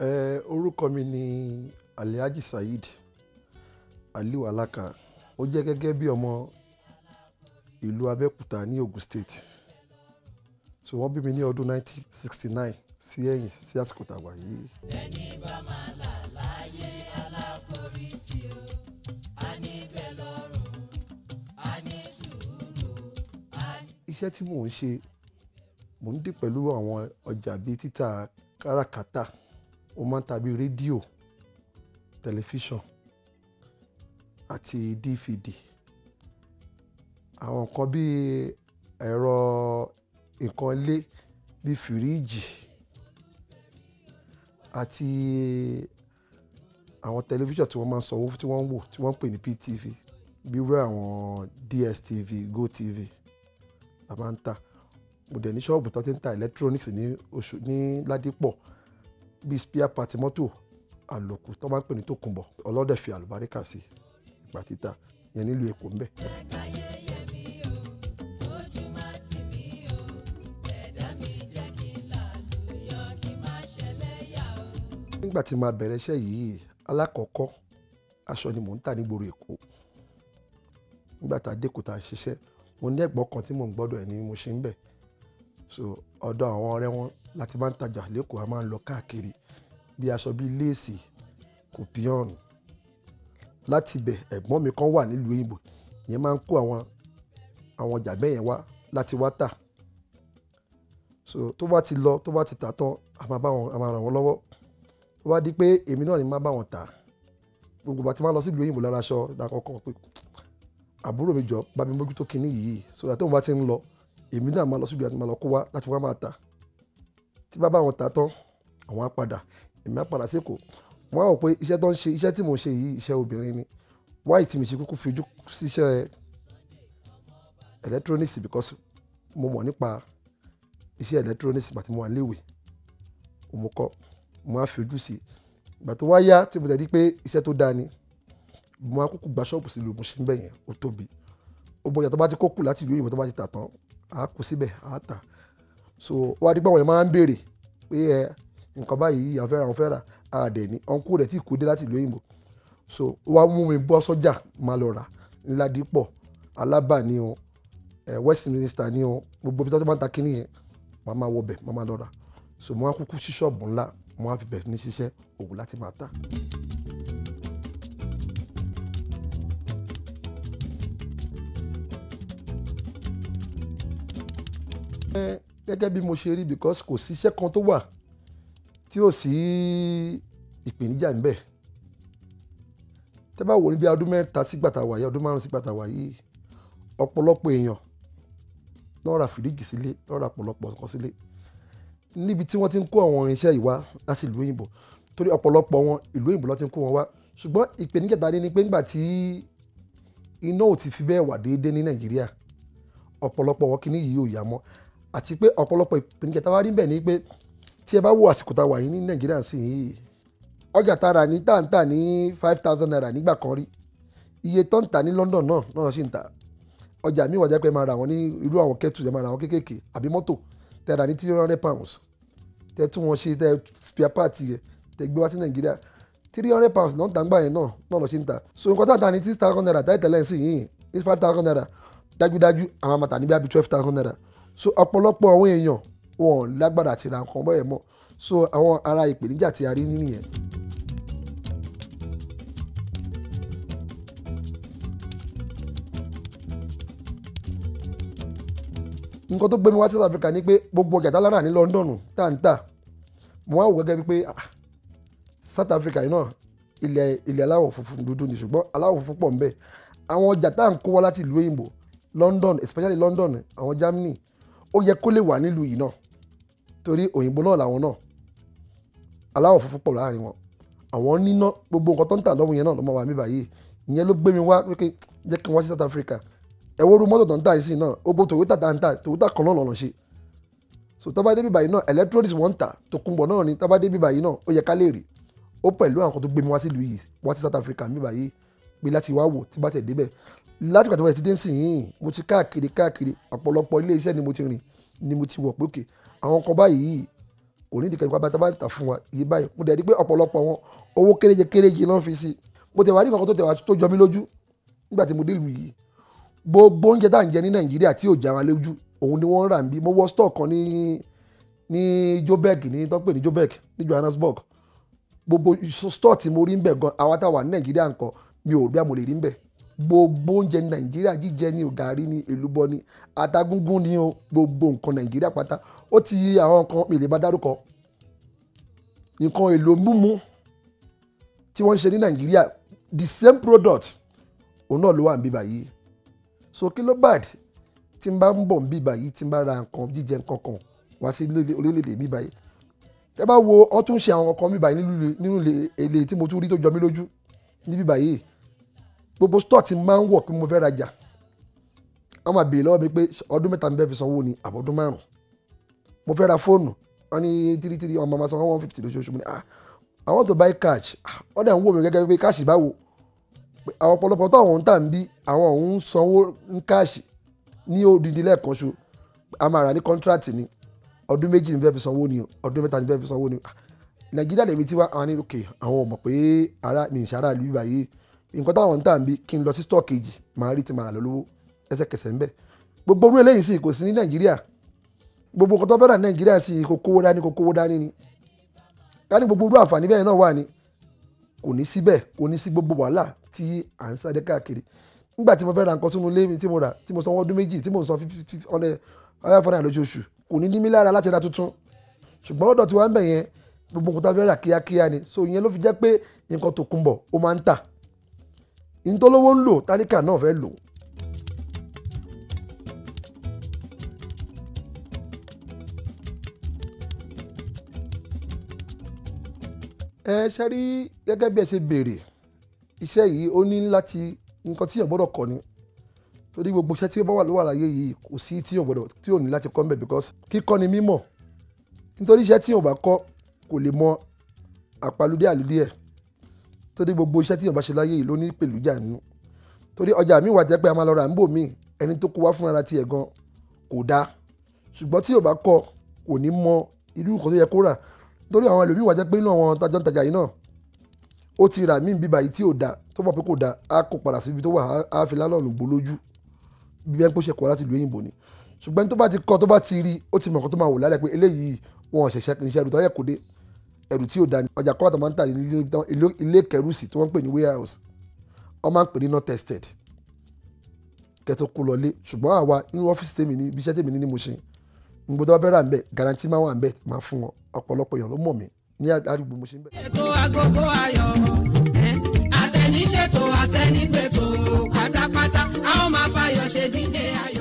Eh, orúkọ mi ni Alhaji Saheed Aliu Alaka ó jẹ́ gẹ́gẹ́ bí ọmọ ìlú Abẹ́òkúta ní Ogun State so wọ́n bí mi ní ọdún 1969 sí ẹ̀yìn sí àsìkò tàwa yìí. ẹni bá máa là láyé iṣẹ́ tí mò ń ṣe mò ń dì pẹ̀lú àwọn ọjà bíi títà káràkátà ó máa ń ta rédíò tẹlifíṣàn àti dvd àwọn nǹkan bí ẹ̀rọ nǹkan ilé bí fìríìjì àti àwọn tẹlifíṣàn tí wọ́n máa ń sanwó tí wọ́n ń wò tí wọ́n ń pè ní ptv bí wúrẹ́ àwọn dstv gotv la máa ń ta mo dẹ̀ ní ṣọ́ọ̀bù tó ti ń ta electronics ní oṣù ní ládìpọ̀ bíi spare part mọ́tò àlòkù tó máa ń pè ní tòkunbọ̀ ọlọ́dẹ fi àlùbáríkà sí ìgbà títà yẹn nílùú Èkó ń bẹ. nígbà tí màá bẹ̀rẹ̀ iṣẹ́ yìí alákọ̀ọ́kọ́ aṣọ ni mò ń tà nígboro Èkó nígbà tá a dé kò tá a ṣiṣẹ́ mo ní ẹ̀gbọ́n kan tí mò ń gbọ́dọ̀ ẹ̀ ni mo ṣe ń bẹ̀ so ọ̀dọ̀ àwọn ọ̀rẹ́ wọn láti máa ń tajà lẹ́kọ̀ọ́ a máa ń lọ káàkiri bí aṣọ bíi léèsì kòpíọ̀nù láti ibẹ̀ ẹ̀gbọ́n mi kan wà nílùú òyìnbó yẹn máa ń kó àwọn àwọn ọjà bẹ́ẹ̀ yẹn wá láti wá tà so tó bá ti lọ tó bá ti tà tán a máa bá wọn a máa ràn wọ́n lọ́wọ́ tó bá di pé èmi náà ni máa bá wọn tà gbogbo bàtí máa lọ sílùú òyìnbó lára aṣọ lákọ̀ọ́kọ́ pé àbúrò mi jọ bá mi mójútó kinní yìí so àtẹ̀wọ̀n bá ti ń lọ èmi náà máa lọ síbi àti máa lọ kó wá láti wá máa tà tí bá bá wọn tà tán àwọn á padà èmi á padà sékòó wọn á wọ pé iṣẹ́ tó ń ṣe iṣẹ́ tí mò ń ṣe yìí iṣẹ́ obìnrin ni wáyé tí mi ṣe kúkú fojú síṣẹ́ electronics because mo mọ̀ nípa iṣẹ́ electronics àti mo wà léwe mo kọ́ mo á fojú sí ìgbà tó wá yá tí mo tẹ̀ di pé iṣẹ́ tó dáa ni mo á kúkú gba ṣọ́ọ̀bù sí ìlú mo ṣe ń bẹ̀yẹn ó tóbi ó bọ̀ yàtọ̀ bá ti kó láti ìlú òyìnbó tó bá ti tà tán á síbẹ̀ á tà so wá dípò àwọn yẹn máa ń béèrè pé ẹ nǹkan báyìí àwọn fẹ́ra àwọn fẹ́ra ara dẹ̀ ni ọ̀nkú rẹ̀ tí kò dé láti ìlú òyìnbó so wá mú mi bọ́ sọ́jà máa lọ rà ńlá alábà ni o ẹ west minister ni o gbogbo ibi tí máa ń ta kínní yẹn màá máa wọbẹ̀ màá máa lọ rà so mo wá kúkú sí ṣọ́ọ̀bù ńlá mo wá fi bẹ̀rẹ̀ ní ṣiṣẹ́ òwú láti máa tà. gẹ́gẹ́ bí mo ṣe rí because kò sí iṣẹ́ kan tó wà tí ò sí ìpèníjà níbẹ̀ tẹ́ bá wò ní bí ọdún mẹ́ta sígbà tá wà yìí ọdún márùn sígbà tá wà yìí ọ̀pọ̀lọpọ̀ èèyàn ló ra fìríjì sílé ló ra ọ̀pọ̀lọpọ̀ nǹkan sílé níbi tí wọ́n ti ń kó àwọn irinṣẹ́ yìí wá láti ìlú òyìnbó torí ọ̀pọ̀lọpọ̀ wọn ìlú òyìnbó ló ti ń kó wọn wá ṣùgbọ́n ìpèníjà ta ni ni pé nígbà tí iná ò ti fi bẹ́ẹ̀ wà déédéé ní Nàìjíríà ọ̀pọ̀lọpọ̀ wọn kìíní yìí ò yá mọ́ àti pé ọ̀pọ̀lọpọ̀ ìpèníjà táwa rí bẹ̀ ni pé tí ẹ bá wo àsìkò tá a wà ní nàìjíríà sí yìí ọjà tá a rà ní tàǹtà ní five thousand naira nígbà kan rí iye tó ń tà ní London náà náà sì ń tà ọjà mi wàjà pé máa ra àwọn ní irú àwọn kẹ́tù ẹ̀ máa ra àwọn kéékèèké àbí mọ́tò tẹ́ ra ní three hundred pounds tẹ́ tún wọn ṣe tẹ́ spare part yẹ tẹ́ gbé wá sí nàìjíríà three hundred pounds náà ń tà ń gbà yẹn náà náà lọ sí ń tà so nǹkan tá a tà ní six thousand naira táyì tẹ́lẹ̀ sí yìí ní five thousand naira dájúdájú àwọn àmàtà níbi àbí twelve thousand naira so ọ̀pọ̀lọpọ̀ àwọn èèyàn wọn ò lágbára àti ra nǹkan bẹ́ẹ̀ mọ́ so àwọn ara ìpèníjà tí a rí nìyẹn. nǹkan tó gbé mi wá South Africa ni pé gbogbo ọjà tálára ní London tá n tà mo wá wò gẹ́gẹ́ bíi pé ah, South Africa náà ilẹ̀ ilẹ̀ aláwọ̀ funfun dúdú ni ṣùgbọ́n aláwọ̀ funfun pọ̀ ń bẹ àwọn ọjà tá à ń kó wá láti ìlú òyìnbó London especially London àwọn Germany ó yẹ kó lè wà nílùú yìí náà torí òyìnbó náà làwọn náà aláwọ̀ funfun pọ̀ láàrin wọn àwọn níná gbogbo nǹkan tó ń tà lọ́wọ́ yẹn náà ló mọ̀ mi báyìí ìyẹn ló gbé mi wá pé jẹ́ kí n wá sí South Africa ẹ̀wọ́n ru mọ́tò tó ń tà yìí sí náà gbogbo Toyota tá ń tà Toyota kan náà lọ́nà ṣe so tá bá dé bí báyìí náà electronics wọ́n ń tà Tòkunbọ̀ náà ni tá bá dé bí báyìí náà ó yẹ ká lè rí ó pẹ̀lú àwọn kan tó gbé mi wá sí ìlú yìí wá sí South Africa mi báyìí pé láti wá wò tí bá tẹ̀ débẹ̀ látìgbà tí wọ́n ti dé sí yìí mo ti káàkiri káàkiri ọ̀pọ̀lọpọ̀ ilé iṣẹ́ ni mo ti rìn ni mo ti wọ̀ pé òkè àwọn kan báyìí kò ní ìdíkẹ́ nípa bàtà bá tà fún wa yìí báyìí mo dẹ̀ rí pé ọ̀pọ̀lọpọ̀ wọn owó kéréje kéréje ló ń fi sí mo tẹ̀ wá ní kankan tó tẹ̀ wá tó jọ mí lójú nígbà tí mo dé ìlú yìí gbogbo oúnjẹ tá à ń jẹ ní nàìjíríà tí ò wa lójú òun ni wọ́n rà ń mo wọ stọ̀ kan ní ní joburg ní tọ́pẹ̀ ní joburg ní johannesburg gbogbo stọ̀ tí mo rí ń bẹ̀ gan àwa táwa ní nàìjíríà nǹkan mi ò rí àmọ̀lè rí ń bẹ̀ gbogbo oúnjẹ ní nàìjíríà jíjẹ ni o gàrí ni èlùbọ́ ni atagúngún ni o gbogbo nǹkan nàìjíríà pátá ó ti àwọn kan mi lè bá dárúkọ nǹkan èlò mímu tí wọ́n ń ṣe ní nàìjíríà the same product òun náà ló wà ń bíbà yìí so kí bad tí n bá ń bọ̀ ń bíbà yìí tí n bá ra nǹkan jíjẹ nǹkan kan wá sí orílẹ̀-èdè mi báyìí ẹ bá wo ọ tún ṣe àwọn nǹkan mi báyìí nínú ilé tí mo tún rí tó jọ mí lójú ní bíbà yìí gbogbo store ti máa ń wọ̀ pé mo fẹ́ rajà wọ́n máa béèrè lọ́wọ́ mi pé ọdún mẹ́ta mi fẹ́ fi sanwó ni àbọ̀dún márùn mo fẹ́ ra fóònù wọ́n ní three three ọmọ máa san one one fifty lóṣooṣù mo ní ah I want to buy cash ah, wọ́n dẹ̀ ń wò mí gẹ́gẹ́ bí cash báwo àwọn ọ̀pọ̀lọpọ̀ tó àwọn ń tà ń bí àwọn òun sanwó ń cash ní odidi lẹ́ẹ̀kan ṣo a máa rà ní contract ni ọdún méjì ní fẹ́ fi sanwó ni ọdún mẹ́ta ní fẹ́ fi sanwó ni ah, nàìjíríà lèmi tí wá àwọn ní ok àwọn ò mọ̀ pé ara mi ìṣàrà ìlú ìbàyè nǹkan táwọn ń tà ń bí kí n lọ sí store kejì màá rí ti màá lọ lówó ẹsẹ̀kẹsẹ̀ ń bẹ̀ gbogbo orú eléyìí sì kò sí ní nàìjíríà gbogbo nǹkan tó fẹ́ rà ní nàìjíríà sì kò kówó dání kò kówó dání ni ká ní gbogbo orú àǹfààní bẹ́ẹ̀ náà wà ní kò ní síbẹ̀ kò ní sí gbogbo wàhálà tí à ń sáré káàkiri nígbà tí mo fẹ́ ra nǹkan sínú ilé mi tí mo rà tí mo san ọdún méjì tí mo san fífi ọ̀nẹ́ ọ̀yàfọ̀nà so ìyẹn ló fi jẹ́ pé ntọ́lówó ń lò tálíkà náà fẹ́ lò. ẹ ṣe rí gẹ́gẹ́ bí ẹ ṣe béèrè iṣẹ́ yìí ó ní láti nǹkan tí èèyàn gbọ́dọ̀ kọ́ ni torí gbogbo iṣẹ́ tí ó bá wà lówà láyé yìí kò sí tí gbọ́dọ̀ tí ò ní láti kọ́ ń bẹ̀ because kíkọ́ ni mímọ̀ nítorí iṣẹ́ tí èèyàn bá kọ́ kò lè mọ àpàlùdé àlùdé ẹ̀ torí gbogbo iṣẹ́ tí yorùbá ṣe láyé yìí ló ní pèlújà nínú torí ọjà mi wà jẹ́ pé a máa lọ ra nbò míì ẹni tó kó wá fún ara tiẹ̀ gan kò dáa ṣùgbọ́n tí yorùbá kọ kò ní mọ irú nǹkan tó yẹ kó rà torí àwọn ẹlòmíì wà jẹ́ pé inú àwọn tajọ́ ń tajà yìí náà ó ti rà míì bíbá yìí tí ò dáa tó mọ̀ pé kò dáa á kó padà síbi tó wà á fi lálọ́ọ̀nù gbó lójú bí bẹ́ẹ̀ pọ̀ ṣe kọ́ láti lu èyìnbó ni ṣùgbọ́n tó bá ti kọ́ tó bá ti rí ó ti mọ̀ nǹkan tó máa wò lálẹ́ pé eléyìí wọn ò ṣẹ̀ṣẹ̀ kì í tó yẹ kó dé ẹrù tí ò dání ọjà kọ́bàtà máa ń tà ní ilé kẹrùsì tí wọ́n ń pè ní warehouse wọ́n máa ń pè ní not tested kẹtọ kó lọlé ṣùgbọ́n àwa nínú ọ́fíìsì tèmi ní ibi iṣẹ́ tèmi ní ni mo ṣe ń gbọdọ̀ bẹ́ẹ̀ rà ń bẹ̀ garanti máa wà ń bẹ̀ máa fún wọn ọ̀pọ̀lọpọ̀ èèyàn ló mọ̀ mí ní àdúgbò mo ṣe ń bẹ̀. ètò agogo ayọ̀ àtẹniṣètò àtẹnigbètò pátápátá a ó máa fayọ̀ ṣe dídé ayọ̀.